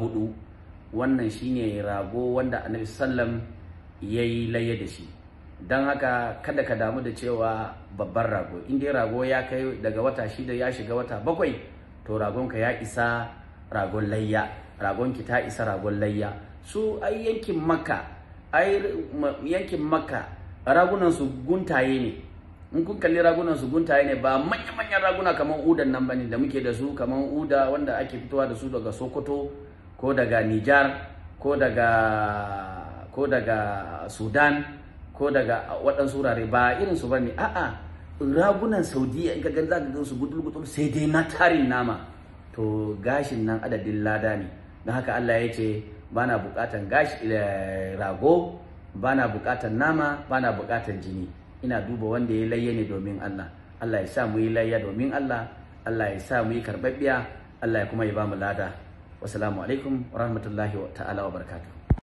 hudu wannan shine rago wanda annabi sallam ya yi laye da shi don haka kada ka damu da cewa babban rago in dai rago ya kai daga wata shida ya shiga wata bakwai to ragonka ya isa ragon layya ragonki ta isa ragon layya su ai yankin maka yankin maka. ragunan su guntaye ne in kun kalli ragunan su guntaye ne ba manya manyan raguna kamar udan nan bane da muke da su kamar uda wanda ake fitowa da su daga sokoto ko daga nijar ko daga ko daga sudan ko daga waɗansu wurare ba irin su bane a'a ragunan saudiya in ka gan zaka gan gudul sai dai na tarin nama to gashin nan adadin lada ne don haka Allah ya ce bana bukatan gashi eh, rago bana bukatan nama bana bukatan jini ina duba wanda ya layya ne domin Allah Allah ya sa mu yi layya domin Allah Allah ya sa mu yi karɓaɓɓiya Allah ya kuma ya ba mu lada wasalamu alaikum wa rahmatullahi ta'ala wa barkatu.